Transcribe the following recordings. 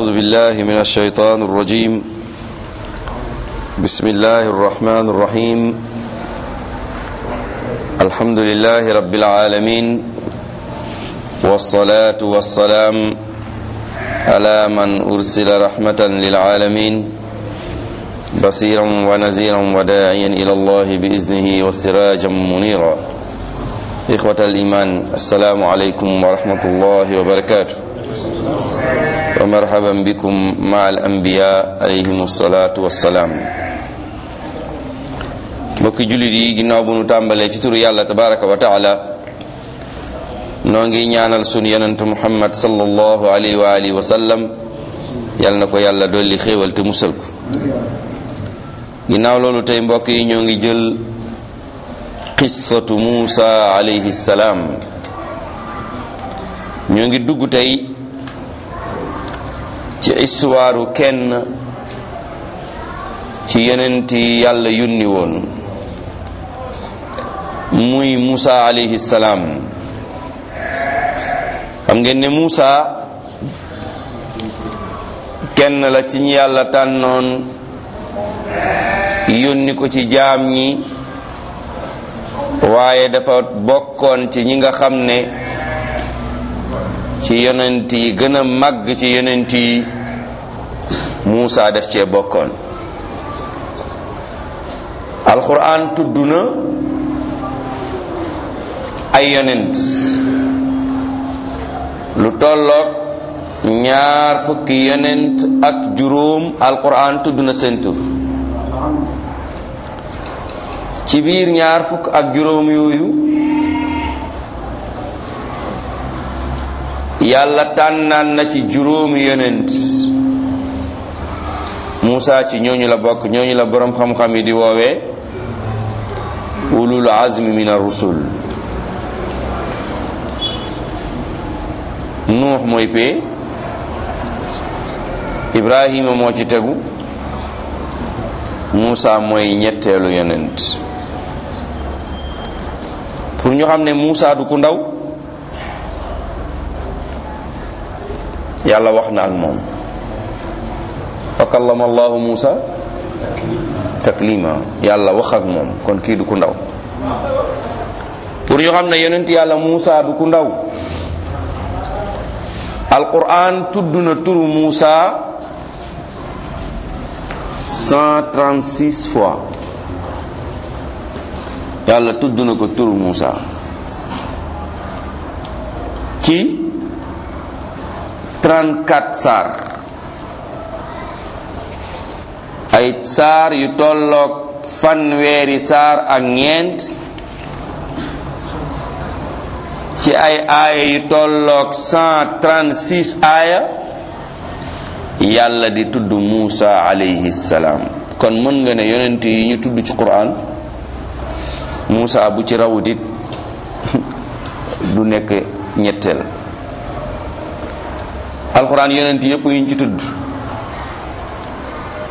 أعوذ بالله من الشيطان الرجيم بسم الله الرحمن الرحيم الحمد لله رب العالمين والصلاة والسلام على من أرسل رحمة للعالمين بصيرا ونذيرا وداعيا إلى الله بإذنه وسراجا منيرا إخوة الإيمان السلام عليكم ورحمة الله وبركاته wa bikum ma al anbiya alayhim salaatu wassalaam mbokki jullit yi ginnaaw bu tàmbalee ci turu yàlla tabaraka wa taala noo ngi ñaanal sunu yonent muhammad sallallahu alayhi wa alihi wa sallam yàlla na ko yàlla dolli xéewal te musal ko ginnaaw loolu tey mbokk yi ñoo ngi jël qissatu muusa alayhi salaam ñoo ngi dugg tey ci histoire kenn ci yonenti yàlla yónni woon muy Musa alayhi salaam xam ngeen ne Musa kenn la ci yàlla tànnoon yónni ko ci jaam ñi waaye dafa bokkoon ci ñi nga xam ne ci yonent yi gën a màgg ci yonent yi Muusa def cee bokkoon alxuraan tudd na ay yonent lu tolloog ñaar fukki yonent ak juróom alxuraan tudd na seen ci biir ñaar fukk ak juróom yooyu yàlla tànnaan na ci juróomi yonent Muusa ci ñooñu la bokk ñooñu la boroom xam-xam yi di woowee ulul azmi min ar-rusul nuux mooy pee ibrahima moo ci tegu Muusa mooy ñetteelu yonent pour ñu xam ne Muusa du ku ndaw yàlla wax na ak moom fa kallama allahu muusa taklima yàlla wax ak moom kon kii du ku ndaw pour ñu xam ne yonent yàlla muusa du ku ndaw alquran tudd na turu muusa 136 fois yàlla tudd na ko turu muusa ci 34 saar ay saar yu tolloog fanweeri saar ak ñeent ci ay aaya yu tolloog 136 aaya yàlla di tudd Muusa alayhi kon mën nga ne yonent yi ñu tudd ci Qur'an Muusa bu ci rawutit du nekk ñetteel alxuraan yonent yëpp yuñ ci tudd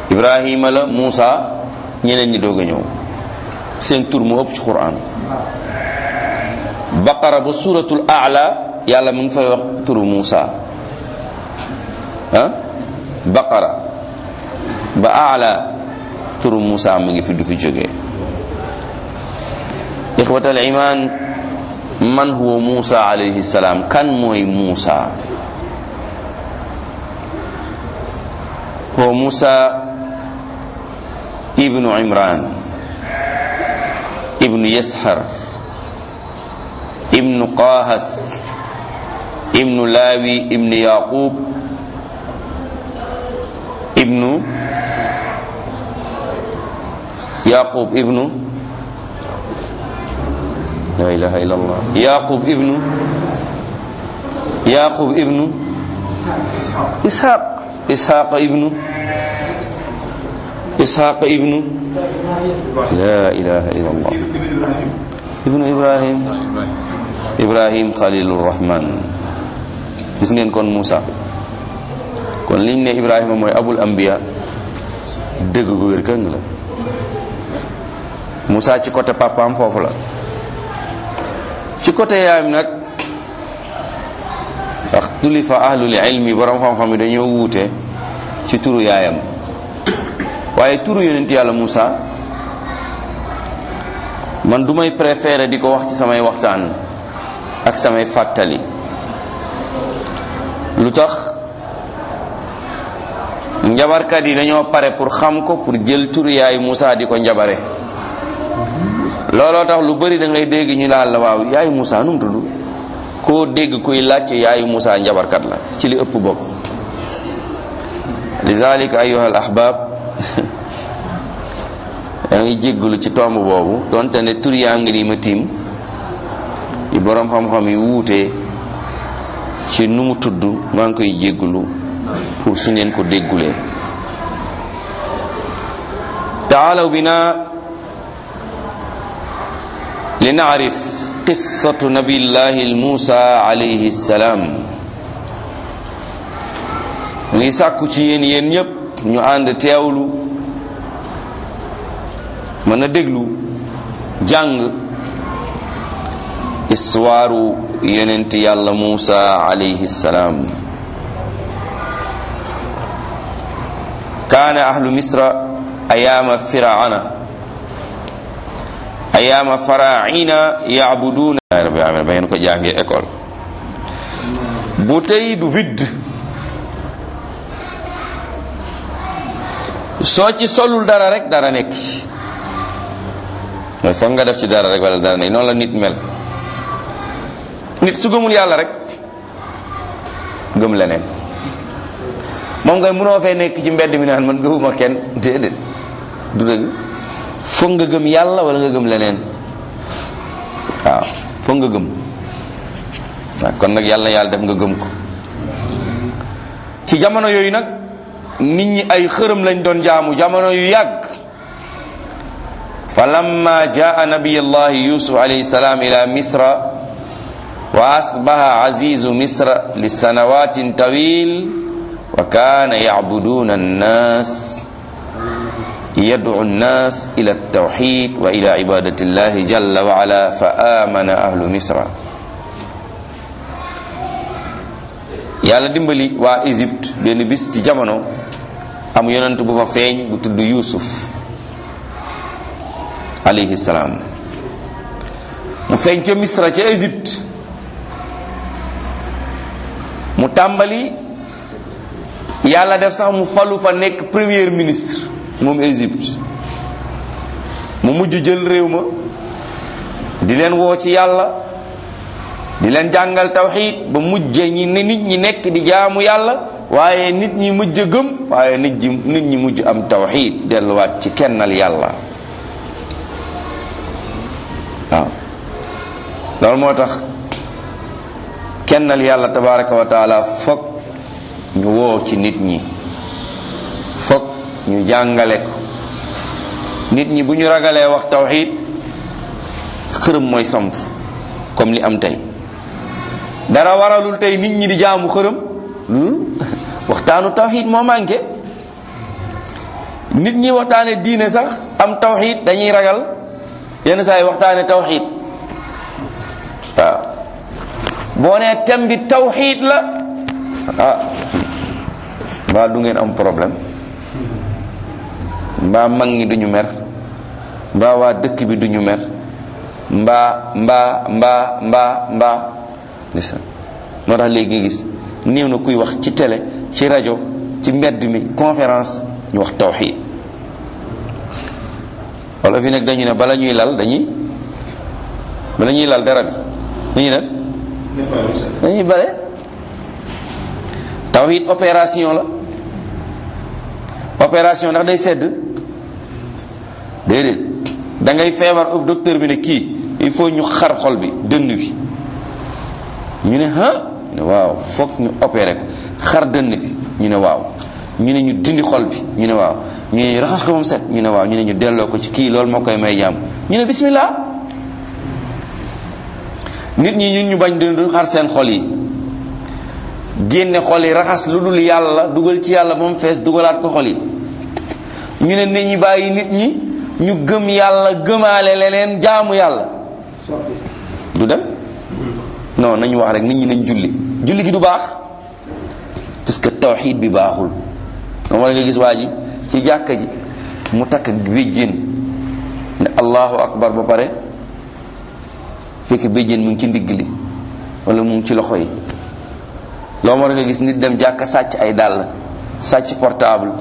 Ibrahima la Muusa ñeneen ñi doog a ñëw seen tur mu ëpp ci Qur'an baqara ba suuratul aala yàlla mu ngi fay wax turu Muusa ah baqara ba aala turu Muusa mu ngi fi du fi jógee ixwatal iman man huwa Muusa alayhi salaam kan mooy Muusa ko musa ibnu imran ibnu yashar ibnu qahas ibnu lawi ibnu yaqub ibnu yaqub ibnu la ilaha illallah yaqub ibnu yaqub ibnu ishaq isxaaq ibnu isxaaq ibnu la ilaha illa ibnu ibrahim ibrahim xalilurahman gis ngeen kon Moussa kon liñ ne ibrahima mooy abul anbiya dëgg gu wér këng la Moussa ci côté am foofu la ci côté yaayam nag ixtulifa ahlul ilmi borom xam-xam yi dañoo wuute ci turu yaayam waaye turu yonent yàlla Moussa man du may préféré di ko wax ci samay waxtaan ak samay fàttali lu tax njabarkat yi dañoo pare pour xam ko pour jël turu yaayu Moussa di ko njabare looloo tax lu bari da ngay dégg ñu laal la waaw yaayu Moussa nu tudd koo dégg kuy laajte yaayu Moussa njabarkat la ci li ëpp bopp lizalika ayuha al ahbab yaa ngi jégglu ci tomb boobu donte ne tur yaa ngi nii ma tiim yu boroom xam-xam yi wuute ci nu mu tudd maa ngi koy jégglu pour su ngeen ko déggulee taalaw bina لنعرف قصة نبي الله الموسى عليه السلام mu ngi sàkku ci yéen yéen ñépp ñu ànd teewlu mën a déglu jàng histoire yonent yàlla Muusa alayhi salaam kaana ahlu misra ayaama firaana ayaama faraina yabuduna rabbi amin ba ngeen ko jàngee école bouteille du vide soo ci solul dara rek dara nekk foog nga def ci dara rek wala dara nekk noonu la nit mel nit su gëmul yàlla rek gëm leneen moom ngay mënoo fee nekk ci mbedd mi naan man gëmuma kenn déedéet du dëgg foog nga gëm yàlla wala nga gëm leneen waaw foog nga gëm waaw kon nag yàlla yàlla def nga gëm ko ci jamono yooyu nag nit ñi ay xërëm lañ doon jaamu jamono yu yàgg fa lamma jaa nabiyullahi yusuf alayhi salaam ila misra wa asbaha azizu misra li sanawatin tawil wa kaana yacbuduuna annaas yad'u an-nas ila at-tawhid wa ila ibadati llahi jalla wa fa amana ahlu misra yàlla dimbali waa Égypte benn bis ci jamono am yonant bu fa feeñ bu tudd Yuusuf alayhi salaam mu feeñ ca Misra ca Égypte mu tàmbali yàlla def sax mu falu fa nekk premier ministre moom Égypte mu mujj jël réew ma di leen woo ci yàlla di leen jàngal tawxiid ba mujje ñi ne nit ñi nekk di jaamu yàlla waaye nit ñi mujj gëm waaye nit ñi mujj am tawxiid delluwaat ci kennal yàlla waaw loolu moo tax kennal yàlla tabaraka wa taala fokk ñu woo ci nit ñi fokk ñu jàngale ko nit ñi bu ñu ragalee wax tawxid xërëm mooy samp comme li am tey dara waralul tey nit ñi di jaamu xërëm hmm? waxtaanu tawxid moo manqué nit ñi waxtaane diine sax am tawxid dañuy ragal yenn saa yi waxtaane tawxid waaw boo nee thème bi la ah mbaa du ngeen am problème mbaa mag ñi duñu mer mbaa waa dëkk bi duñu mer mbaa mbaa mbaa mbaa mbaa ndeysaan tax léegi nga gis néew na kuy wax ci télé ci rajo ci mbedd mi conférence ñu wax tawxiid wala fi nag dañu ne bala ñuy lal dañuy bala lal dara bi lu ñuy def dañuy opération la opération ndax day sedd déedéet da ngay feebar ëpp docteur bi ne kii il faut ñu xar xol bi dënn bi ñu ne ah ne waaw foog ñu opéré ko xar dënn bi ñu ne waaw ñu ne ñu dindi xol bi ñu ne waaw ñu ne ñu ñu ne waaw ñu ne ñu delloo ko ci kii loolu moo koy may jàmm ñu ne bismillah nit ñi ñun ñu bañ dund xar seen xol yi génne xol yi raxas lu dul yàlla dugal ci yàlla moom fees dugalaat ko xol yi ñu ne nit bàyyi nit ñi ñu gëm yàlla gëmaale leneen jaamu yàlla du dem non nañu wax rek nit ñi nañ julli julli gi du baax parce que tawxiid bi baaxul moom wala nga gis waa ji ci jàkka ji mu takk béjjén ne allahu akbar ba pare fekk béjjén mu ngi ci ndigg li wala mu ci loxo yi loo war nga gis nit dem jàkka sàcc ay dàll sàcc portable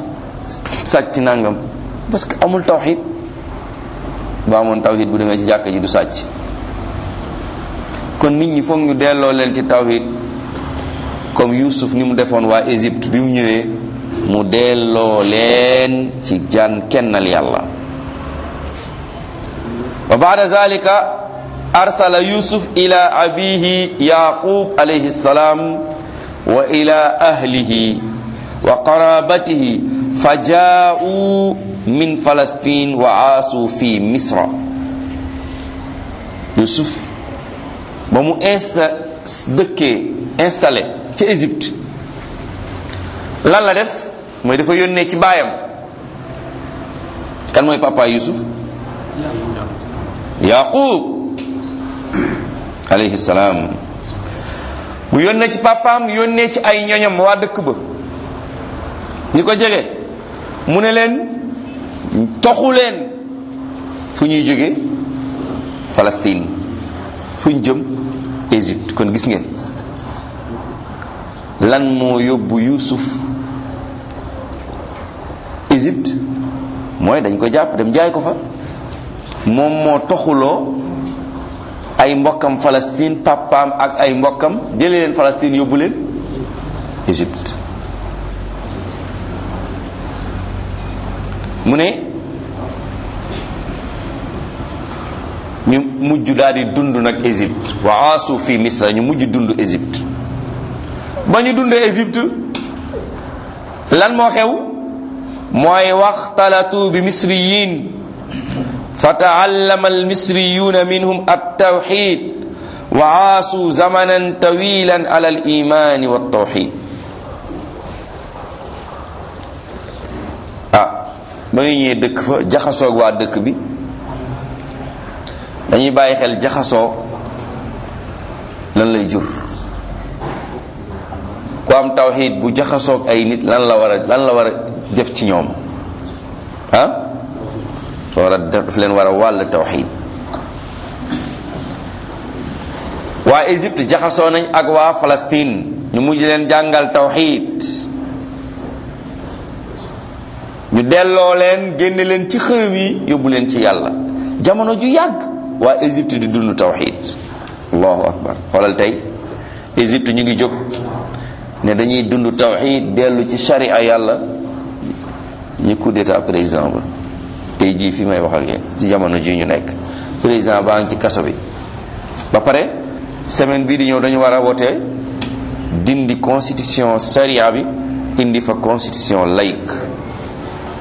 sàcc nangam parce amul tawxiid bu amoon tawhid bu demee ci jàkka ji du sàcc kon nit ñi foog ñu delloo leen ci tawhid comme Yuusuf ni mu defoon waa Égypte bi mu ñëwee mu delloo leen ci jaan kennal yàlla wa baada zalika arsala yusuf ila abihi yaqub alayhi salaam wa ila ahlihi wa qarabatihi fa faja'u min falastin wa asu fi misra Yusuf ba mu insta dëkkee installé ci Égypte lan la def mooy dafa yónnee ci baayam kan mooy papa Yusuf Yaqub alayhi salaam mu yónnee ci papaam yónnee ci ay ñoñam waa dëkk ba ñi ko jege mu ne leen toxu leen fu ñuy jóge Palestine fu ñu jëm Égypte kon gis ngeen lan moo yóbbu Yuusuf Égypte mooy dañ ko jàpp dem jaay ko fa moom moo toxuloo ay mbokkam Palestine papaam ak ay mbokkam jëlee leen Palestine yóbbu leen mu ne ñu mujj daal di dund nag Égypte wa fi misra ñu mujj dund Égypte ba ñu dundee Égypte lan moo xew mooy waxtalatu bi misriyin fa taallama almisriyuna minhum altawxid wa aasu zamanan tawilan ala alimaani waltawxid ba ñu ñëwee dëkk fa jaxasoog waa dëkk bi dañuy bàyyi xel jaxasoo lan lay jur ku am tawxiid bu jaxasoog ay nit lan la lan la war a def ci ñoom ah war leen war a wàll tawxiid jaxasoo nañ ak waa Palestine ñu mujj leen jàngal tawxiid ñu delloo leen génne leen ci xërëm yi yóbbu leen ci yàlla jamono ju yàgg waa Égypte di dund tawxid allahu akbar xoolal tey Égypte ñu ngi jóg ne dañuy dund tawxid dellu ci sharia yàlla ñu coup d'état président ba tey jii fi may wax ak yéen jamono jii ñu nekk président baa ngi ci kaso bi ba pare semaine bii di ñëw dañu war a wote dindi constitution sharia bi indi fa constitution laïque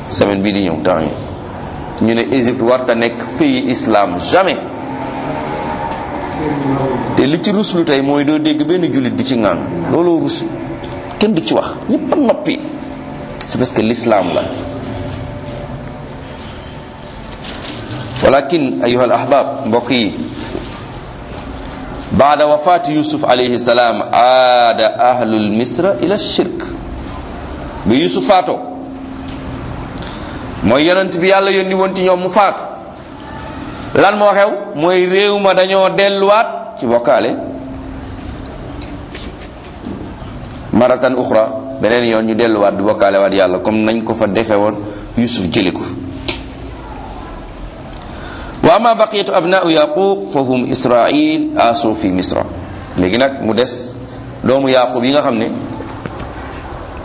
semaine bii di ñëw temps ñu ne Égypte warta nekk pays islam jamais te li ci ruslu tey mooy doo dégg benn jullit di ci ngaan looloo rus kenn du ci wax ñëpp noppi c'est parce que l'islam la walakin ayuha al ahbab mbokk yi baada wafaati yusuf alayhi salaam aada ahlul misra ila shirk bi yusuf mooy yonent bi yàlla yónni woon ci ñoom mu faatu lan moo xew mooy réew ma dañoo delluwaat ci bokkaale maratan uxra beneen yoon ñu delluwaat di bokkaale yàlla comme nañ ko fa defe woon yusuf jëli ko wa ama baqiyatu abnau yaquub fa hum israil fi misra léegi nag mu des doomu yaquub yi nga xam ne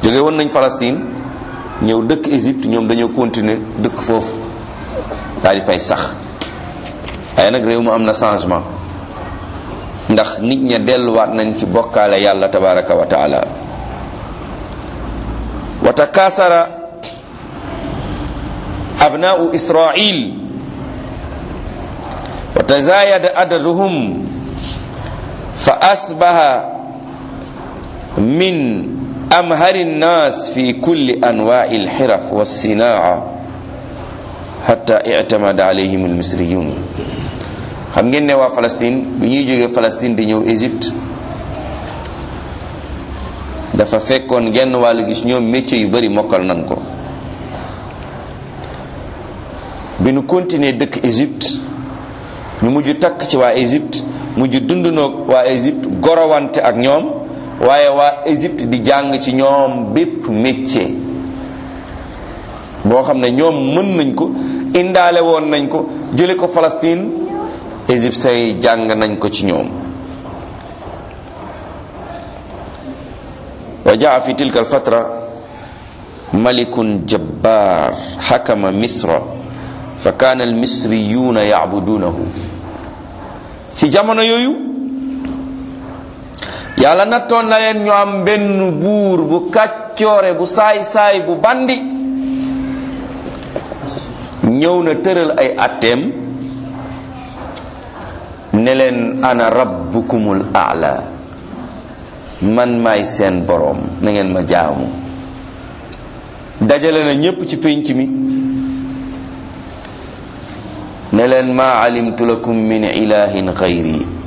jóge woon nañ Palestine ñëw dëkk Égypte ñoom dañoo continuer dëkk foofu daal di fay sax waaye nag réew mu am na changement ndax nit ña delluwaat nañ ci bokkaale yàlla tabaraka wa taala wa takaasara abnaau israil adaduhum fa asbaha min amhari nnas fi kulli anwai lxiraf wassinaa hatta itamada alayhim almisriyun xam ngeen ne waa Palestine bi ñuy jógee Palestine di ñëw Égypte dafa fekkoon genn wàllu gis ñoom métier yu bari mokkal nan ko bi nu continuer dëkk Égypte ñu mujj takk ci waa Égypte mujj dund noog waa Égypte gorowante ak ñoom waaye waa Égypte di jàng ci ñoom bépp métier boo xam ne ñoom mën nañ ko indaale woon nañ ko jële ko Palestine égyptiens yi jàng nañ ko ci ñoom wa jaa fi tilka alfatra malikun jabbaar xakama misra fa kaana almisriyuuna yacbuduunahu ci jamono yooyu yàlla nattoon na leen ñu am benn buur bu kàccoore bu saay-saay bu bandi ñëw na tëral ay atteem ne leen ana rabbukumul aala man maay seen boroom na ngeen ma jaamu dajale na ñépp ci pinc mi ne leen maa alimtu lakum min ilahin xayri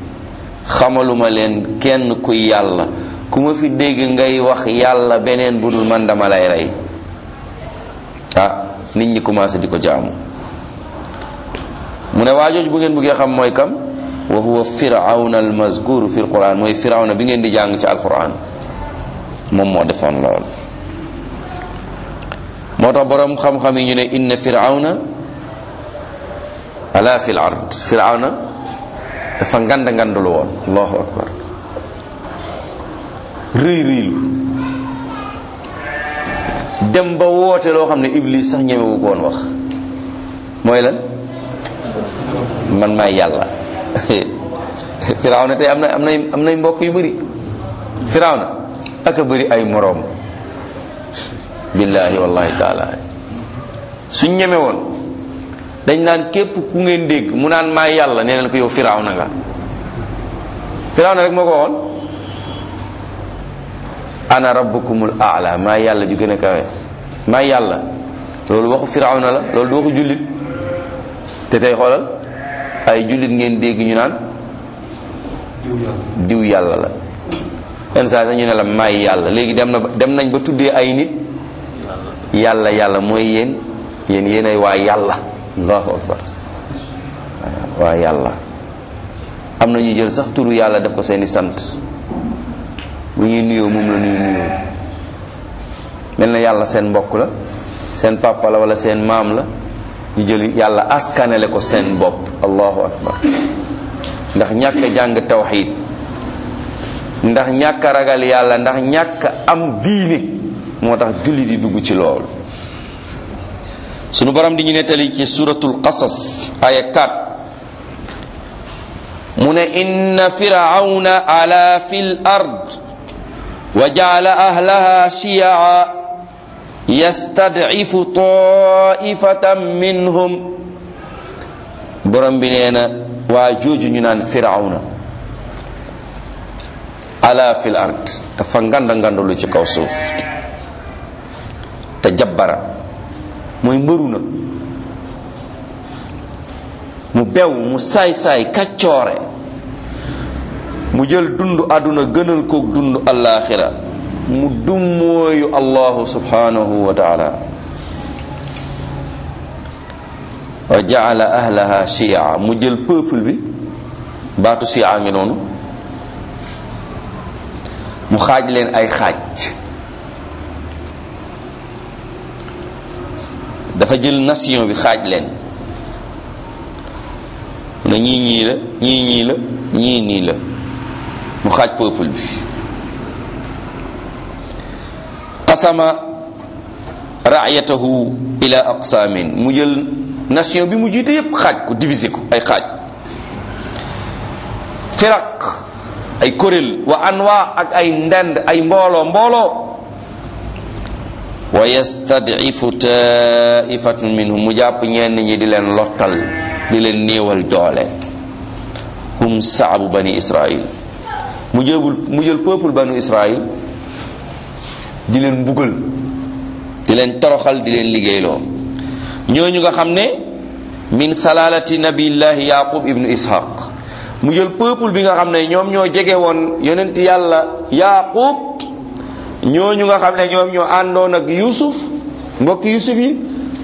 xamaluma leen kenn kuy yàlla ku ma fi dégg ngay wax yàlla beneen bu dul man dama lay rey ah nit ñi commencé di ko jaamu mu ne waajooj bu ngeen bëggee xam mooy kam wa huwa firawna al mazkur fi alquran mooy bi ngeen di jàng ci alquran moom moo defoon lool moo tax boroom xam-xam yi ñu ne inna firawna ala fi l ard firawna dafa ngand ngandul woon allahu akbar rëy rëylu dem ba woote loo xam ne iblis sax ñemewu ko woon wax mooy lan man maay yàlla firawna tey am na am nay am mbokk yu bëri firawna ak a bëri ay moroom billaahi wallahi taala su ñeme dañ naan képp ku ngeen dégg mu naan maa yàlla nee nañ ko yow firaaw na nga firaaw na rek moo ko waxoon ana rabbukumul aala maa yàlla ju gën a kawe maa yàlla loolu waxu firaaw na la loolu du waxu jullit te tey xoolal ay jullit ngeen dégg ñu naan diw yàlla la yenn saa sax ñu ne la may yàlla léegi dem na dem nañ ba tuddee ay nit yàlla yàlla mooy yéen yéen yéen ay waa yàlla allahu akbar waa yàlla am na ñu jël sax turu yàlla def ko seeni sant bu ñuy nuyoo moom la ñuy nuyoo mel na yàlla seen mbokk la seen papa la wala seen maam la ñu jël yàlla askanele ko seen bopp allahu akbar ndax ñàkk jàng tawxiid ndax ñàkk ragal yàlla ndax ñàkk am diine moo tax julli di dugg ci loolu sunu borom di ñu nettali ci suratul qasas aya mu ne inna firawna ala fil ard wa jaala ahlaha shiyaa yastadcifu taifatan minhum borom bi nee waa jooju ñu naan firawna ala fil ard dafa nganda ngandalu ci kaw suuf te jabbara mooy mbëru na mu bew mu saay-saay kaccoore mu jël dund àdduna gënal koog dund alaaxira mu dummóoyu allahu subhanahu wa taala wa jaala ahlaha chia mu jël peuple bi baatu chia ngi noonu mu xaaj leen ay xaaj dafa jël nation bi xaaj leen na ñii ñii la ñii la ñii nii la mu xaaj peuple bi qasama raayatahu ila aqsaamin mu jël nation bi mu jiite yépp xaaj ko diviser ko ay xaaj firaq ay kuréel wa anwa ak ay ndend ay mbooloo mbooloo wa yastadifu taifatun minhum mu jàpp ñenn ñi di leen lottal di leen néewal doole hum saabu bani israil mu jëbul mu jël peuple banu israil di leen mbugal di leen toroxal di leen liggéeyloo ñooñu nga xam ne min salalati nabillahi yaqub ibnu ishaq mu jël bi nga xam ne ñoom ñoo jege woon yonent yàlla yaqub ñu nga xam ne ñoom ñoo àndoon ak Yuusuf mbokk Yuusuf yi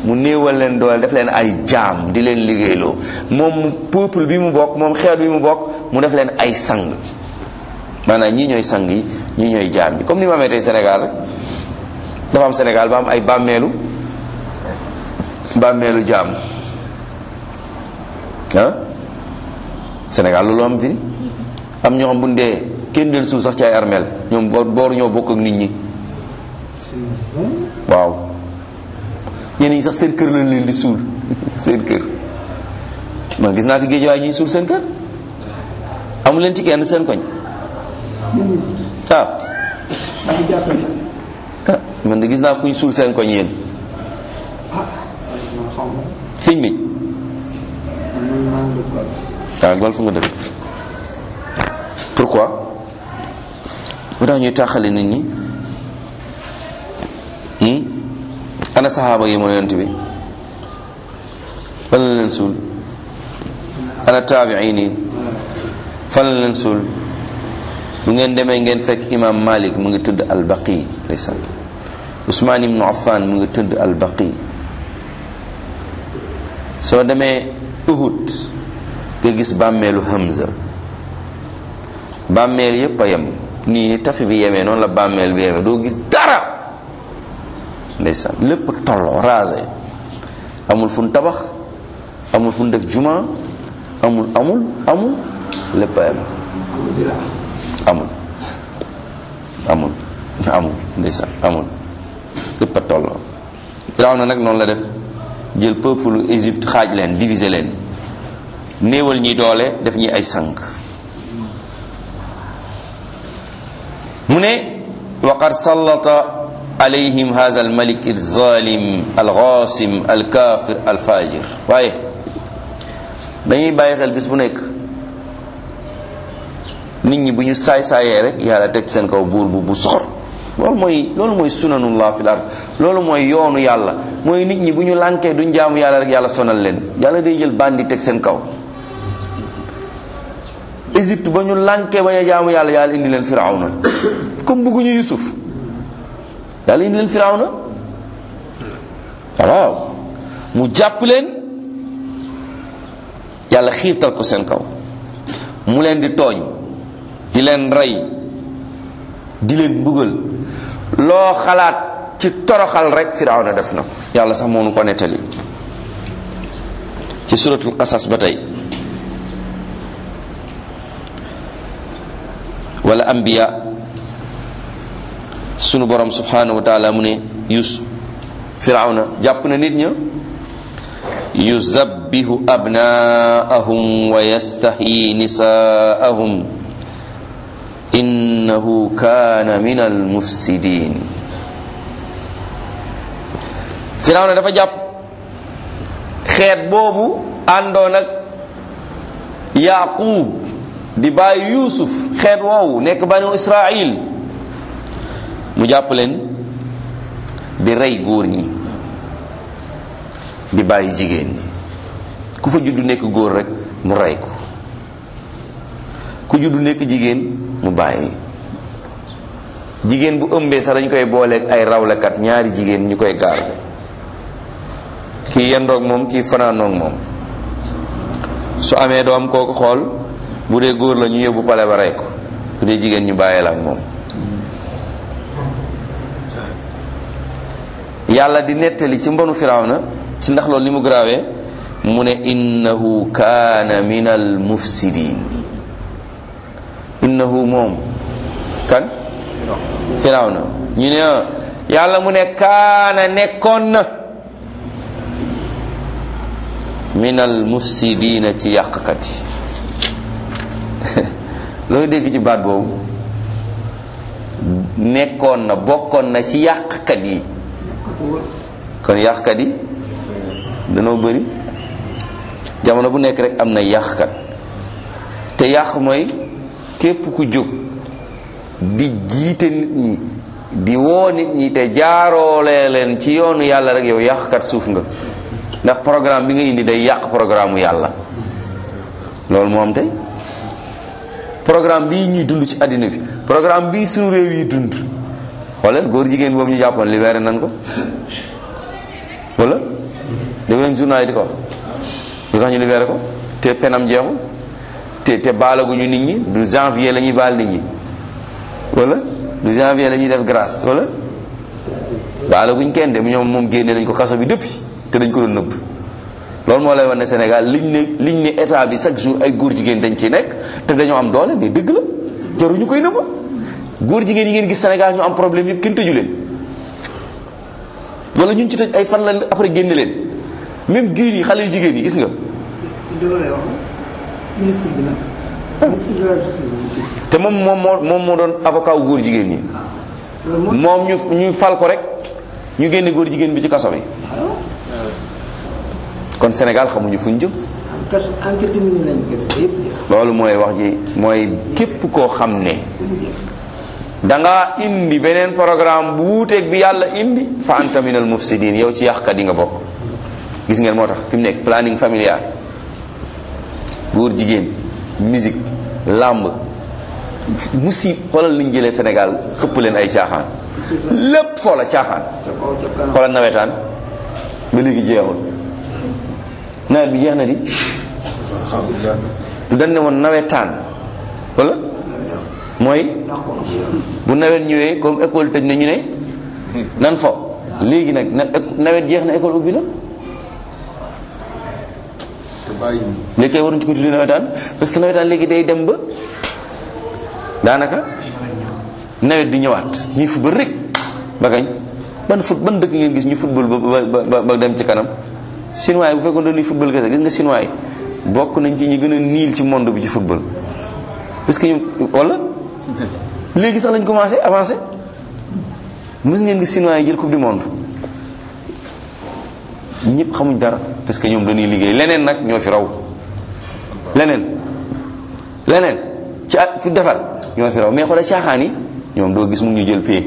mu néewal leen doole def leen ay jaam di leen liggéeyloo moom peuple bi mu bokk moom xeet bi mu bokk mu def leen ay sang maanaam ñii ñooy sang yi ñii ñooy jaam yi comme ni ma amee tey Sénégal dafa am Sénégal ba am ay bàmmeelu bàmmeelu jaam ah Sénégal loolu am fi am ñoo xam bu dee kenn del suuf sax ci armeel ñoom boor ñoo bokk ak nit ñi mm-hmm. waaw ñenn ñi sax seen kër lañ leen di suul seen kër man gis naa ko géej waaye ñuy suul seen leen ci kenn seen koñ waaw mm-hmm. ah. ah, man de gis naa kuñ suul seen koñ yéen ah, sëñ bi waaw mm-hmm. golf nga dëkk pourquoi bu tax ñuy tàqale nit ñi hmm? ana saxaaba yi mën yonent bi fan la leen suul ana taabiin yi fan la suul bu ngeen demee ngeen fekk imam malik mu ngi tudd albaqi ndeysaan usmaan ibnu affan mu ngi tudd albaqi soo demee uhud nga gis bàmmeelu hamza bàmmeel yépp a yem nii tafi bi yemee noonu la bàmmeel bi yemee doo gis dara ndeysaan lépp tolloo rasé amul fu ñu tabax amul fu ñu def juma amul amul amul lépp a amul amul amul amul lépp a tolloo firaaw na nag noonu la def jël peuple Égypte xaaj leen divise leen néewal ñi doole def ñi ay sànq mu ne wa qad sallata alayhim hadha almalik alzalim alxaasim alkaafir alfajir waaye dañuy bàyyi xel bis bu nekk nit ñi bu ñu saay-saayee rek yàlla teg seen kaw buur bu bu soxor loolu mooy loolu mooy sunanullah fil ard loolu mooy yoonu yàlla mooy nit ñi bu ñu lànkee duñ jaamu yàlla rek yàlla sonal leen yàlla day jël bandi teg seen kaw Égypte ba ñu lànkee bañ a jaamu yàlla yàlla indi leen firawna comme bëgguñu Yusuf yàlla indi leen firawna waaw mu jàpp leen yàlla xiirtal ko seen kaw mu leen di tooñ di leen rey di leen mbugal loo xalaat ci toroxal rek na def na yàlla sax moo nu ko nettali ci suratul qasas ba tey wala ambiya sunu borom subhanahu wa taala mu ne yus firawna jàpp na nit ña yuzabbihu abnaahum wa yastahyi nisaahum innahu kaana min al mufsidin firawna dafa jàpp xeet boobu àndoon ak yaqub di bàyyi yuusuf xeet woowu nekk banu israil mu jàpp leen di rey góor ñi di bàyyi jigéen ñi ku fa juddu nekk góor rekk mu rey ko ku juddu nekk jigéen mu bàyyi jigéen bu ëmbee sax dañ koy booleek ay rawlekat ñaari jigéen ñu koy garde kii yendoog moom kii fanaanoog moom su amee doom kooku xool bu dee góor lañu ñu yóbbu pale ba rey ko bu dee jigéen ñu bàyyee la ak moom yàlla di nettali ci mbonu na ci ndax loolu ni mu garaawee mu ne innahu kaana min al mufsidin innahu kan firawna ñu ne yàlla mu ne kaana nekkoon na min al mufsidina ci yàqkat yi looy dégg ci baat boobu nekkoon na bokkoon na ci yàqkat yi kon yàqkat yi danoo bëri jamono bu nekk rek am na yàqkat te yàq mooy képp ku jóg di jiite nit ñi di woo nit ñi te jaaroolee leen ci yoonu yàlla rek yow yàqkat suuf nga ndax programme bi nga indi day yàq programme yàlla loolu moom tey programme bii ñuy dund ci àddina bi programme bii suñu réew yi dund xoolal góor jigéen boobu ñu jàppoon libéré nan ko walla dégg nañ journal yi ko wax lu tax ñu libéré ko te penam jeexul te te baalaguñu nit ñi du janvier la ñuy baal nit ñi walla du janvier lañuy ñuy def grâce wala baalaguñ kenn de ñoom moom génne nañ ko kaso bi depuis te dañ ko doon nëbb loolu moo lay wan ne Sénégal liñ ne liñ ne état bi chaque jour ay góor jigéen dañ ci nekk te dañoo am doole mais dëgg la jaruñu koy nëbba góor jigéen yi ngeen gis Sénégal ñu am problème yëpp kenn tëju leen wala ñun ci tëj ay fan la après génne leen même génn yi xale yu jigéen yi gis nga. ministre bi nag. Ah. te moom moom moo moom moo doon avocat wu góor jigéen ñi. Ah. moom ñu ñu fal ko rek ñu génne góor jigéen bi ci kaso bi. Ah. kon Sénégal xamuñu fuñ jëm. loolu mooy wax ji mooy képp koo xam ne. danga nga indi beneen programme bu wuuteeg bi yàlla indi fa anta minal mufsidin yow ci yàqkat yi nga bokk. gis ngeen moo tax fi mu nekk planning familial góor jigéen musique làmb musib xoolal nañ jëlee Sénégal xëpp leen ay caaxaan. lépp foola caaxaan. xoolal nawetaan ba léegi jeexul. nawet bi jeex na di du dañ ne woon nawetaan wala mooy bu nawet ñëwee comme école tëj na ñu ne nan fo léegi nag nawet jeex na école ubbi na léegi kay ci ko tuddee nawetaan parce que nawetaan léegi day dem ba daanaka nawet di ñëwaat ñuy football rek ba kañ ban foot ban dëkk ngeen gis ñu football ba ba ba dem ci kanam chinois yi bu fekkoon dañuy football kese gis nga chinois bokk nañ ci ñi gën a niil ci monde bi ci football parce que walla léegi sax lañ commencé avancé mës ngeen gis chinois yi jël coupe du monde ñëpp xamuñ dara parce que ñoom dañuy liggéey leneen nag ñoo fi raw leneen leneen ci at fi defar ñoo fi raw mais xoolal caaxaan yi ñoom doo gis mu ñu jël pied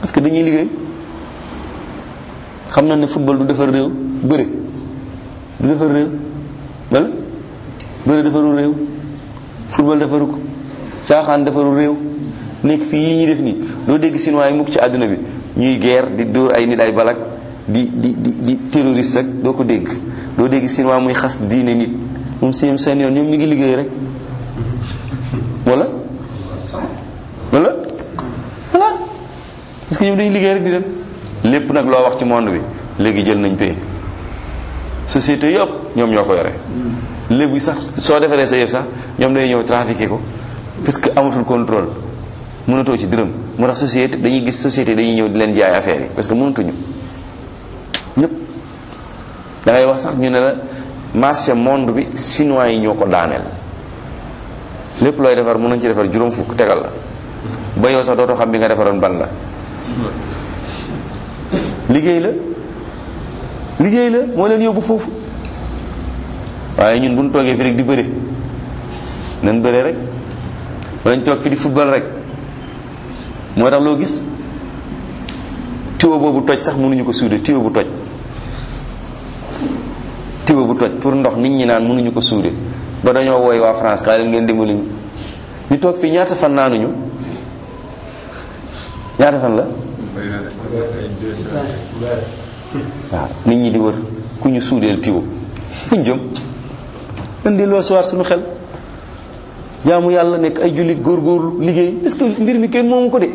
parce que dañuy liggéey. xam na ne football du defar réew bëre du defar réew wala bëre defarul réew football defaru ko caaxaan defarul réew nekk fii yi ñuy def nii doo dégg chinois yi mukk ci àdduna bi ñuy guerre di dóor ay nit ay balak di di di di rek doo ko dégg doo dégg chinois muy xas diine nit moom seen seen yoon ñoom ñu ngi liggéey rek wala wala voilà parce ñoom dañuy liggéey rek di dem lépp nag loo wax ci monde bi léegi jël nañ pay société yëpp ñoom ñoo ko yore mm. léegi sax soo defaree sa yëf sax ñoom dañuy ñëw trafiqué ko parce que amatul contrôle mënatoo ci dërëm moo tax société dañuy gis société dañuy ñëw di leen jaay affaire yi parce que mënatuñu ñëpp da ngay wax sax ñu ne la marché monde bi chinois yi ñoo ko daaneel lépp looy defar mën nañ ci defar juróom fukk tegal la ba yow sax dootoo xam bi nga defaroon ban la mm. liggéey la liggéey la moo leen yóbbu foofu waaye ñun bu ñu toogee fi di bëre nan bëre rek wala ñu toog fi di football rek moo tax loo gis tiwo boobu toj sax mënuñu ko suude tiwo bu toj tiwo bu toj pour ndox nit ñi naan mënuñu ko suude ba dañoo wooy waa France kaay leen ngeen dimbali ñu toog fii ñaata fan naanuñu ñaata fan la waaw nit ñi di wër ku ñu suudeel tiwo fu ñu jëm lan di loo siwaat suñu xel jaamu yàlla nekk ay jullit góorgóorlu liggéey parce mbir mi kenn moomu ko de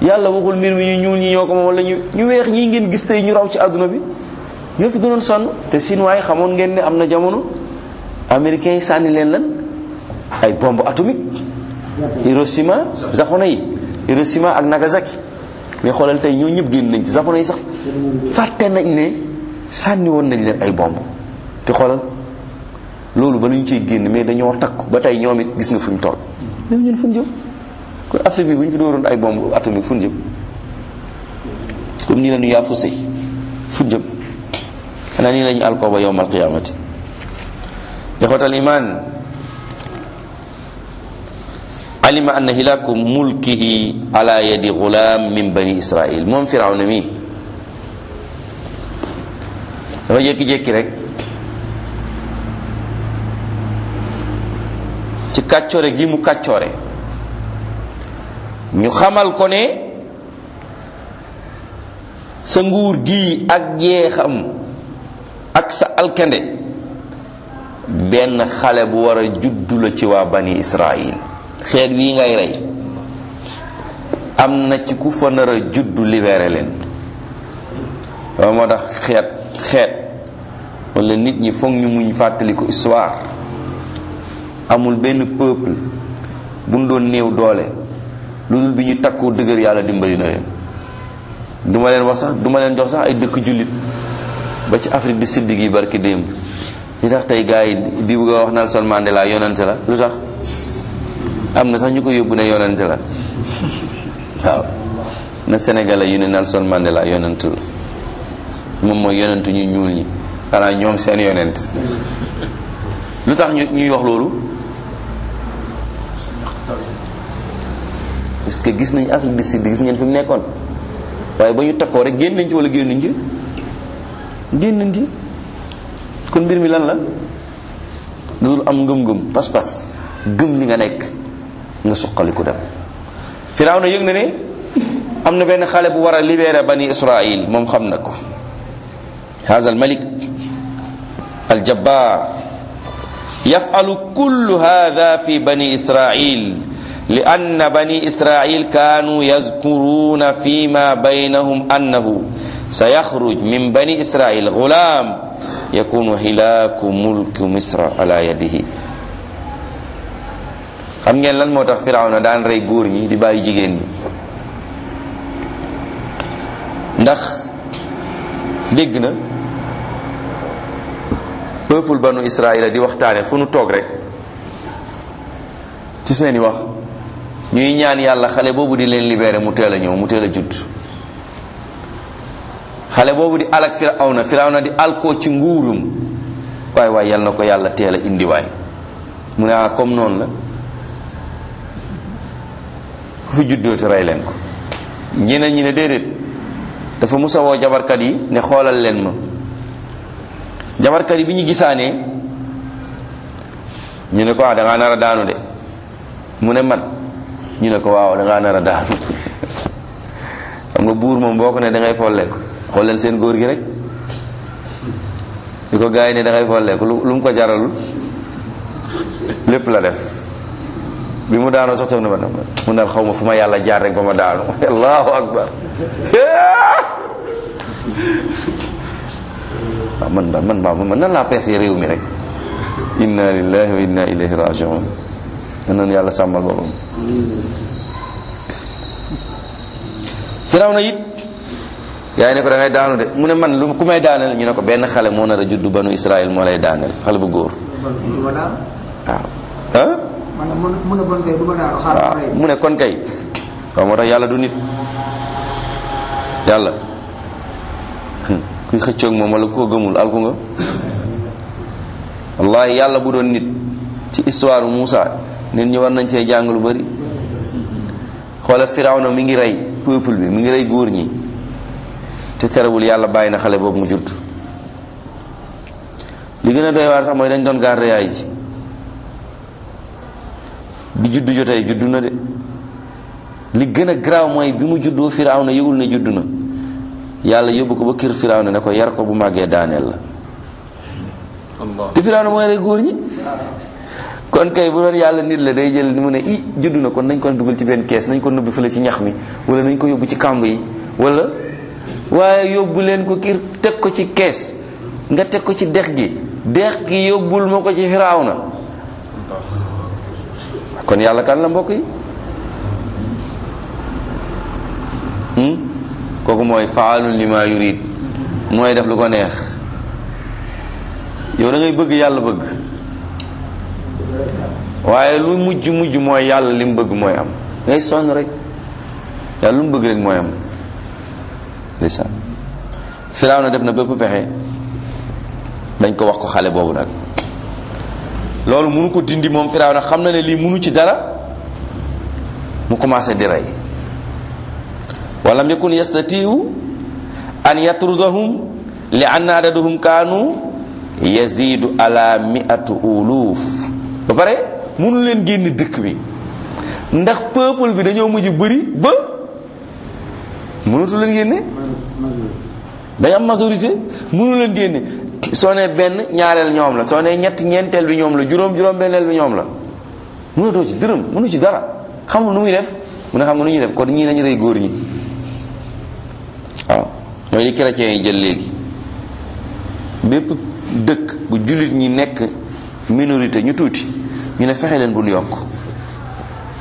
yàlla waxul mbir mi ñu ñuul ñi ñoo ko moom wala ñu ñu weex ñii ngeen gis tey ñu raw ci àdduna bi ñoo fi gënoon sonn te Sinwaa yi xamoon ngeen ne am na jamono americain yi sànni leen lan ay bombe atomique Hiroshima japonais yi Hiroshima ak Nagasaki mais xoolal tey ñoo ñëpp génn nañ ci japonais yi sax fàtte nañ ne sànni woon nañ leen ay bomb te xoolal loolu ba lañu cee génn mais dañoo takku ba tey ñoom it gis nga fuñ toll même ñun fuñ jëm kon Afrique bi bu ñu fi dooroon ay bomb atomique fuñ jëm comme nii la ñu yaa fusey fuñ jëm xanaa nii la ñu alkooba yowmal qiyaamati ixwatal iman alima anna hilaku mulkihi ala yadi min bani israil moom firawna mi dafa jékki-jékki rek ci kàccoore gi mu kàccoore ñu xamal ko ne sa nguur gi ak jeexam ak sa alkande benn xale bu war a juddu la ci waa bani israil xeet wii ngay rey am na ci ku fa nar a juddu libéré leen loolu moo tax xeet xeet wala nit ñi foog ñu muñ fàttaliku histoire amul benn peuple bu ñu doon néew doole lu dul bi ñu takkoo dëgër yàlla dimbali na leen duma leen wax sax duma leen jox sax ay dëkk jullit ba ci Afrique du Sud gi barki démb li tax tey gars yi di bëgg a wax Nelson Mandela yonente la lu tax am na sax ñu ko yóbbu ne yonent la waaw na sénégalais yu ne Nelson Mandela yonent la moom mooy yonent ñu ñuul ñi xanaa ñoom seen yonent lu tax ñu ñuy wax loolu parce que gis nañu Afrique du Sud gis ngeen fi mu nekkoon waaye ba ñu takkoo rek génn nañ ci wala génnuñ ci génn kon mbir mi lan la dul am ngëm-ngëm pas-pas gëm li nga nekk nga suqaliku dem firaaw na yëg na ne am na benn xale bu war a libéré bani israil moom xam na ko haza al malik al jabbar yafalu kullu hada fi bani israil li anna bani israil kaanu yazkuruna fi ma baynahum annahu sayaxruj min bani israil gulaam yakunu hilaaku mulku misra ala yadihi xam ngeen lan moo tax na daan rey góor ñi di bàyyi jigéen ñi ndax dégg na peuple banu Israël di waxtaane fu nu toog rek ci seeni wax ñuy ñaan yàlla xale boobu di leen libéré mu teel a ñëw mu teel a judd xale boobu di na firawna na di alkoo ci nguurum waaye waay yal na ko yàlla teel a indiwaay mu ne ah, comme noonu la ku fi juddooti rey leen ko ñeneen ñi ne déedéet dafa musawoo jabarkat yi ne xoolal leen ma jabarkat yi bi ñu gisaanee ñu ne ko ah da nar a daanu de mu ne man ñu ne ko waaw dangaa nar a daanu xam nga buur moom boo ko ne dangay ngay folleeku xool leen seen góor gi rek li ko gars yi ne da folleeku lu mu ko jaralul lépp la def bi mu daanoo sax tam ne xaw ma fu ma yàlla jaar rek ba ma man man baa nan laa percé réew mi rek inna lillahi wa inna ilayhi rajiun nan yàlla sàmmal boppam firaaw na it yaay ne ko da daanu de mu ne man lu ku may daaneel ñu ne ko benn xale moo nar a juddu banu israil moo lay daaneel xale bu góor mu ne kon kay waaw mu ne kon kay waaw moo tax yàlla du nit yàlla kuy xëccoog moom wala ku ko gëmul alku nga wallahi yàlla bu doon nit ci histoire Moussa nit ñi war nañ cee jàng lu bari xoola na mi ngi rey peuple bi mi ngi rey góor ñi te terewul yàlla bàyyi na xale boobu mu judd li gën a doy waar sax mooy dañ doon garder yaay ji bi juddu jotee juddu na de li gën a garaaw mooy bi mu juddoo firaaw na yëgul ne juddu na yàlla yóbbu ko ba kër firaaw na ne ko yar ko bu màggee daaneel la te firaaw na mooy rek góor ñi kon kay bu doon yàlla nit la day jël mu ne i juddu na kon nañ ko dugal ci benn kees nañ ko nëbbi fële ci ñax mi wala nañ ko yóbbu ci kàmb yi wala waaye yóbbu leen ko kir teg ko ci kees nga teg ko ci dex gi dex gi yóbbul ma ko ci firaaw na kon yàlla kan la mbokk yi hmm? kooku mooy faalun lima yurid mooy def lu ko neex yow da bëgg yàlla bëgg waaye lu mujj mujj mooy yàlla li mu bëgg mooy am ngay sonn rek yàlla lu mu bëgg rek mooy am firaaw na def na bépp pexe dañ ko wax ko xale boobu nag loolu munu ko dindi moom Firawna xam na ne lii munu ci dara mu commencé di rey walam yakun yastatiu an yatrudahum li anna adaduhum kaanu yazidu ala miatu uluuf ba pare munu leen génn dëkk bi ndax peuple bi dañoo mujj bëri ba mënatu leen génne day am majorité mënu génne soo nee benn ñaareel ñoom la soo nee ñett ñeenteel bi ñoom la juróom juróom benneel bi ñoom la mënatoo ci dërëm mënu ci dara xamul nu muy def mu ne xam nga nu ñuy def kon ñii lañu rey góor ñi waaw mooy jël léegi bépp dëkk bu jullit ñi nekk minorité ñu tuuti ñu ne fexe leen bu ñu yokk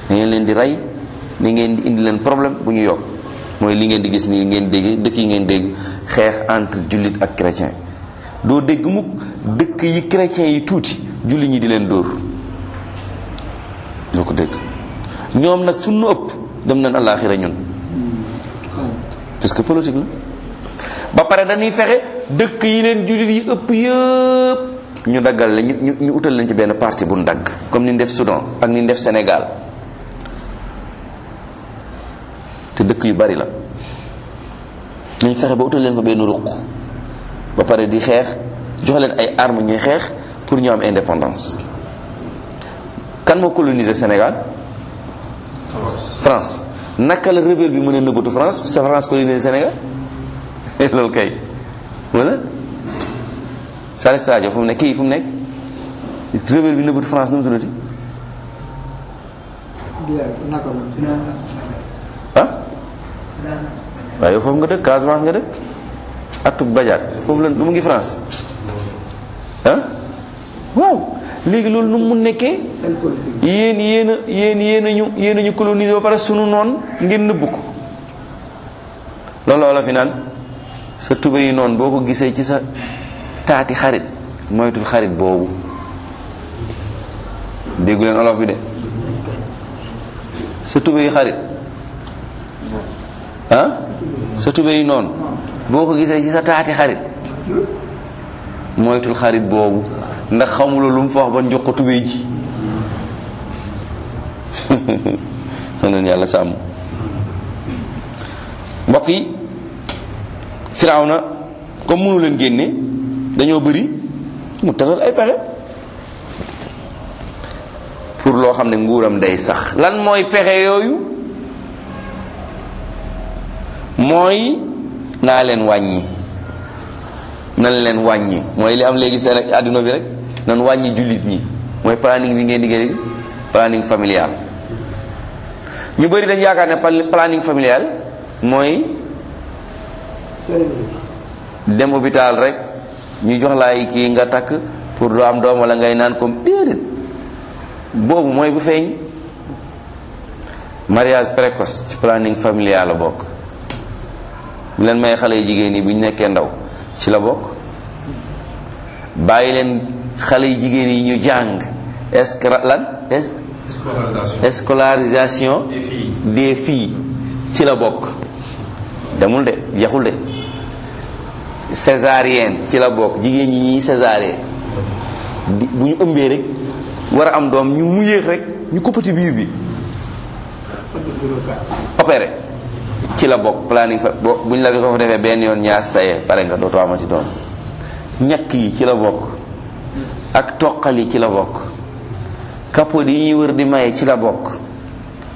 da ngeen leen di rey ni ngeen di indi leen problème bu ñu yokk mooy li ngeen di gis nii ngeen dégg dëkk yi ngeen dégg xeex entre jullit ak chrétien doo dégg mukk dëkk yi chrétiens yi tuuti julli ñi di leen dóor doo ko dégg ñoom nag suñu ëpp dem nañ àllaaxira ñun parce que politique la ba pare dañuy fexe dëkk yi leen jullit yi ëpp yëpp ñu daggal la ñu ñu utal leen ci benn partie bu ñu dagg comme ni ñu def Soudan ak ni ñu def Sénégal te dëkk yu bari la dañuy fexe ba utal leen ko benn ruq ba pare di xeex jox leen ay armes ñuy xeex pour ñu am indépendance kan moo coloniser Sénégal France naka la rebelle bi mën a nëbbatu France sa France coloniser Sénégal loolu kay wala Salif Sadio fu mu nekk kii fu mu nekk rebelle bi nëbbatu France nu mu ah waaye yow foofu nga dëkk Casamance nga dëkk atuk bajaat foofu la mu ngi France ah waaw léegi loolu nu mu nekkee yéen yéen yéen yéen ñu yéen a ñu coloniser ba pare sunu noon ngeen nëbbu ko loolu la fi naan sa tubé noon boo ko gisee ci sa taati xarit moytul xarit boobu déggu olof bi de sa tubé xarit ah sa tubé yi noonu boo ko gisee ci sa taati xarit moytul xarit boobu ndax xamuloo lu mu fa wax ba njox ko tubéy ji xanaa yàlla sàmm mbokk yi firawna comme mënu leen génne dañoo bëri mu tëral ay pexe pour loo xam ne nguuram day sax lan mooy pexe yooyu mooy naa leen wàññi nan leen wàññi mooy li am léegi seen àdduna bi rek nan wàññi jullit ñi mooy planning bi ngeen di génne planning familial. ñu bëri dañ yaakaar ne planning familial mooy. dem hôpital rek ñu jox laay kii nga takk pour doo am doom wala ngay naan comme déedéet boobu mooy bu feeñ. mariage précoce ci planning familial la bokk. ñu leen may xale yu jigéen yi bu ñu nekkee ndaw ci la bokk bàyyi leen xale yu jigéen yi ñu jàng escra lan es scolarisation des fii ci la bokk demul de yaxul de césarienne ci la bokk jigéen ñi ñuy césarien bu ñu ëmbee rek war a am doom ñu mu yéex rek ñu koppati biir bi opéré ci la bokk planning fa bo buñ la ko fa defee benn yoon ñaar saye pare nga dootoo si doom ñàkk yi ci la bokk ak toqal yi ci la bokk kapot yi ñuy wër di maye ci la bokk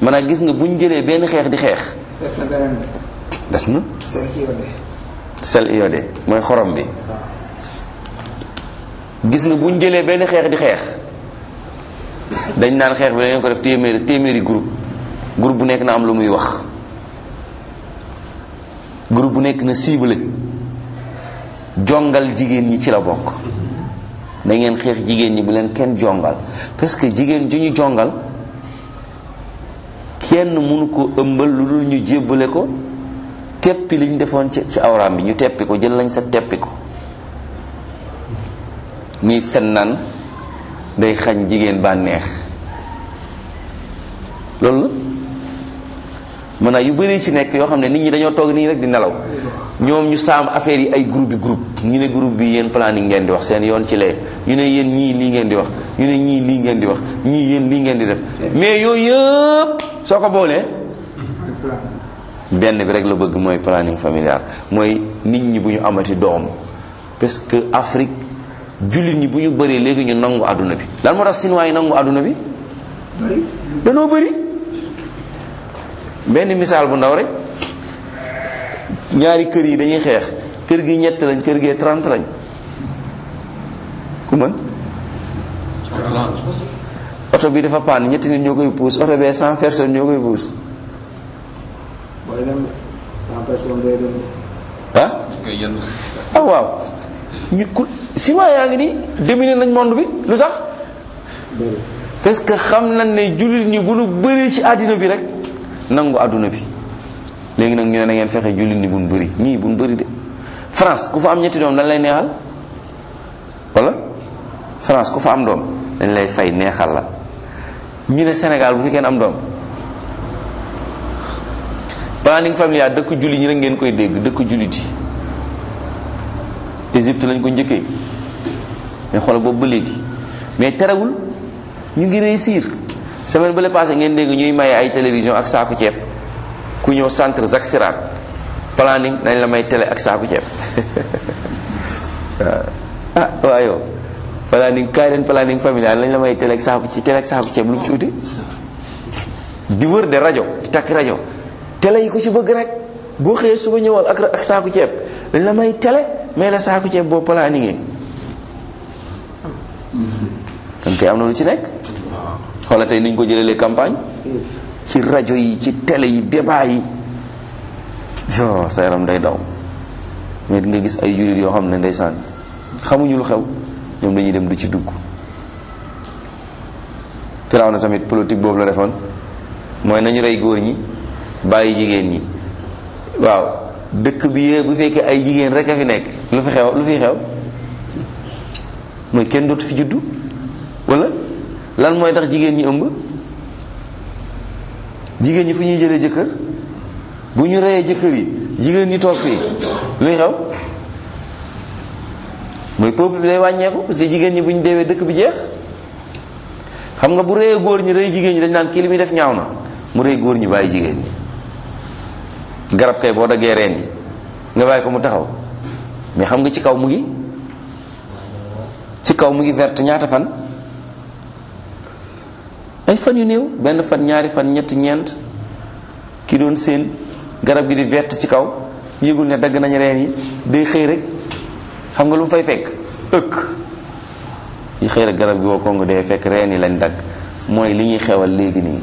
maanaam gis nga buñ jëlee benn xeex di xeex. des na. sel mooy xorom bi gis nga buñ jëlee benn xeex di xeex dañ naan xeex bi dañu ko def téeméeri téeméeri groupe groupe bu nekk na am lu muy wax. groupe bu nekk na ciblé jongal jigéen ñi ci la bokk dangeen xeex jigéen ñi bu leen kenn jongal parce que jigéen ju ñu jongal kenn mënu ko ëmbal lu dul ñu jébbale ko teppi li ñu defoon ci ci awraam bi ñu teppi ko jël lañ sa teppi ko muy fen naan day xañ jigéen bànneex loolu maanaam yu bëri ci nekk yoo xam ne nit ñi dañoo toog nii rek di nelaw ñoom ñu saam affaire yi ay groupe bi groupe ñu ne groupe bi yéen planning ngeen di wax seen yoon ci lee ñu ne yéen ñii lii ngeen di wax ñu ne ñii lii ngeen di wax ñii yéen lii ngeen di def mais yooyu yëpp soo ko boolee benn bi rek la bëgg mooy planning familial mooy nit ñi bu ñu amati doom parce que Afrique jullit ñi bu ñu bëree léegi ñu nangu àdduna bi lan moo tax Sinwaa nangu àdduna bi danoo bëri benn misaal bu ndaw rek ñaari kër yi dañuy xeex kër gi ñett lañ kër gee trent lañ ku mën oto bi dafa paan ñetti nit ñoo koy puus oto bee cent personnes ñoo koy puus ah waaw ñu yaa ngi nii dominer nañ monde bi lu tax parce que xam na ne jullit ñi bu nu bëree ci àddina bi rek nangu àdduna bi léegi nag ñu ne na ngeen fexe jullit ni buñ bëri ñii buñ bëri de France ku fa am ñetti doom dañ lay neexal wala France ku fa am doom dañ lay fay neexal la ñu ne Sénégal bu fi am doom planning familial dëkk jullit ñi rek ngeen koy dégg dëkk jullit yi Égypte lañ ko njëkkee mais xoolal boobu ba léegi mais terewul ñu ngi réussir semaine ba la passé ngeen dégg ñuy maye ay télévision ak saaku ceeb ku ñëw centre Jacques Chirac planning nañ la may télé ak saaku ceeb ah waa yow planning kaay leen planning familial nañ la may télé ak saaku ci télé ak saaku ceeb lu mu ci uti di wër de rajo di takk rajo télé yi ko ci bëgg rek boo xëyee suba ñëwal ak ak saaku ceeb dañ la may télé mais la saaku ceeb boo planning hmm. kon kay am na lu ci nekk xoola tey niñ ko jëlelee campagne ci rajo yi ci télé yi débat yi yo sa yaram day daw mais nga gis ay jullit yoo xam ne ndeysaan xamuñu lu xew ñoom dañuy dem du ci dugg firaaw na tamit politique boobu la defoon mooy nañu rey góor ñi bàyyi jigéen ñi waaw dëkk bi yee bu fekkee ay jigéen rek a fi nekk lu fi xew lu fi xew mooy kenn dootu fi juddu walla lan mooy tax jigéen ñi ëmb jigéen ñi fu ñuy jëlee jëkkër bu ñu reyee jëkkër yi jigéen ñi toog fii luy xew mooy peuple bi day wàññeeku parce jigéen ñi bu ñu deewee dëkk bi jeex xam nga bu reyee góor ñi rey jigéen ñi dañ naan kii li muy def ñaaw na mu rey góor ñi bàyyi jigéen ñi garab kay boo daggee reen yi nga bàyyi ko mu taxaw mais xam nga ci kaw mu ngi ci kaw mu ngi verte ñaata fan ay fan yu néew benn fan ñaari fan ñetti ñeent ki doon seen garab gi di vett ci kaw yëgul ne dagg nañu reen yi day xëy rek xam nga lu mu fay fekk ëkk yi xëy garab gi woo kongu dee fekk reen yi lañ dagg mooy li ñuy xewal léegi nii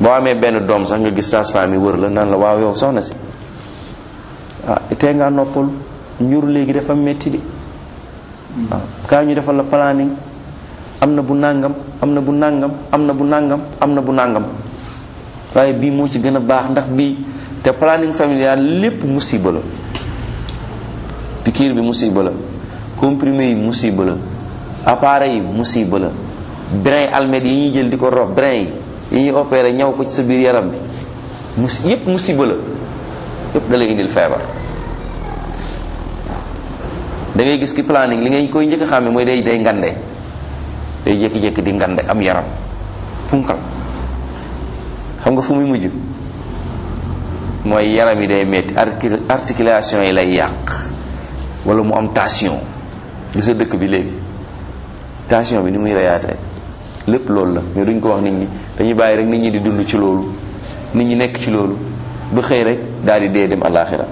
boo amee benn doom sax nga gis sage-femme yi wër la naan la waaw yow soxna si ah tey ngaa noppal njur léegi dafa metti di waaw ah, kaa ñu defal la planning am na bu nàngam am na bu nàngam am na bu nàngam am na bu nàngam waaye bii moo ci gën a baax ndax bii te planning familial lépp musiba la piqûre bi musiba la comprimer yi musiba la appareil yi musiba la brin almet yi ñuy jël di ko rof brin ñuy opéré ñaw ko ci sa biir yaram bi mus yépp musiba la yépp da indil feebar da gis ki planning li ngay koy njëkk a xàmme mooy day day ngande day jékki-jékki di ngande am yaram punkal xam nga fu muy mujj mooy yaram yi day metti articulation yi lay yàq wala mu am tension gis dëkk bi léegi tension bi ni muy reyaatee lépp loolu la mais duñ ko wax nit ñi dañuy bàyyi rek nit ñi di dund ci loolu nit ñi nekk ci loolu ba xëy rek daal di dee dem àllaaxira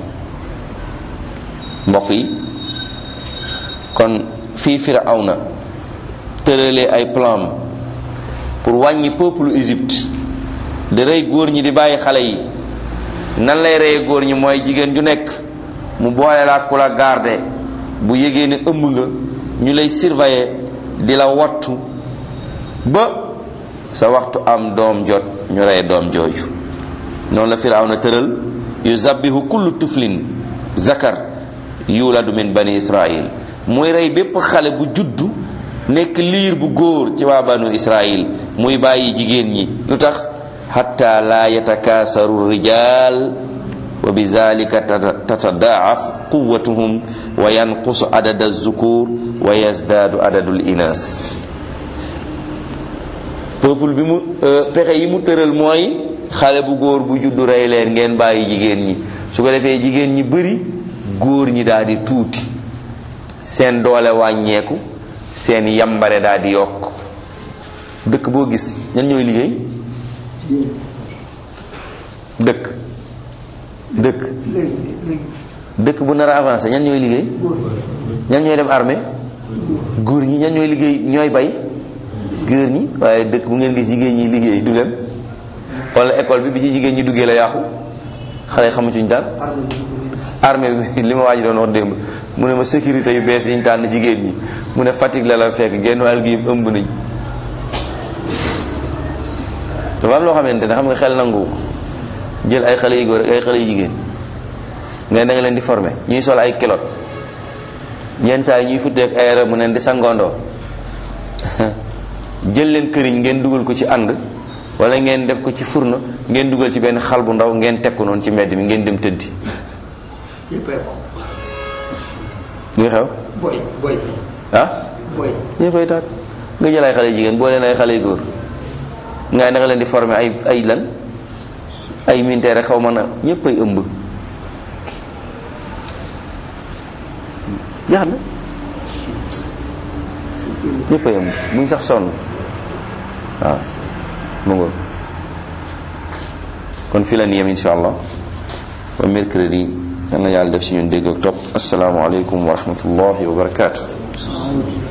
mbokk yi kon fii na tëralee ay plan pour wàññi peuple Égypte di rey góor ñi di bàyyi xale yi nan lay reyee góor ñi mooy jigéen ju nekk mu boole la ku la garde bu yégee ne ëmb nga ñu lay surveiller di la wattu ba sa waxtu am doom jot ñu rey doom jooju noonu la na tëral yu zabbihu kullu tuflin zakar yuladu min bani israil muy rey bépp xale bu juddu nekk liir bu góor ci waa banu israil muy bàyyi jigéen ñi lu tax xatta laa yatakaasaru rijaal wa bi zalika tatadaaf quwatuhum wa yanqusu adada zukur wa yazdaadu adadul inaas peuple bi mu euh, pexe yi mu tëral mooy xale bu góor bu juddu rey leen ngeen bàyyi jigéen ñi su ko defee jigéen ñi bari góor ñi daal di tuuti seen doole wàññeeku seen yambare daa di yokk dëkk boo gis ñan ñooy liggéey dëkk dëkk dëkk bu nar a avancé ñan ñooy liggéey ñan ñooy dem armée góor ñi ñan ñooy liggéey ñooy bay góor ñi waaye dëkk bu ngeen gis jigéen ñi liggéey du leen wala école bi bi ci jigéen ñi duggee la yàqu xale yi xamuñ ci ñu daal armée bi li ma waaj doon wax démb mu ne ma sécurité yu bees yi ñu tànn jigéen ñi mu ne Fatick la la fekk genn wàll gi ëmb nañ dafa am loo xamante ne xam nga xel nangu jël ay xale yu ay xale yu jigéen nga da leen di formé ñuy sol ay kilot yenn saa yi ñuy futteek ay mu neen di sangondoo jël leen këriñ ngeen dugal ko ci ànd wala ngeen def ko ci furno ngeen dugal ci benn xal bu ndaw ngeen teg noonu ci mbedd mi ngeen dem tëddi. li xew. boy boy. ah. boy ñëppay tàkk nga jël ay xale jigéen boo leen ay xale góor nga naka leen di forme ay ay lan ay militaire xaw ma na ñëpp ay ëmb. jeex na ñëpp ay ëmb buñ sax sonn waaw. mu ngoon kon fi la ñu yem insha allah ba mercredi yal na yàlla def ci ñun dégg ak topp asalaamaaleykum wa rahmatullahi wa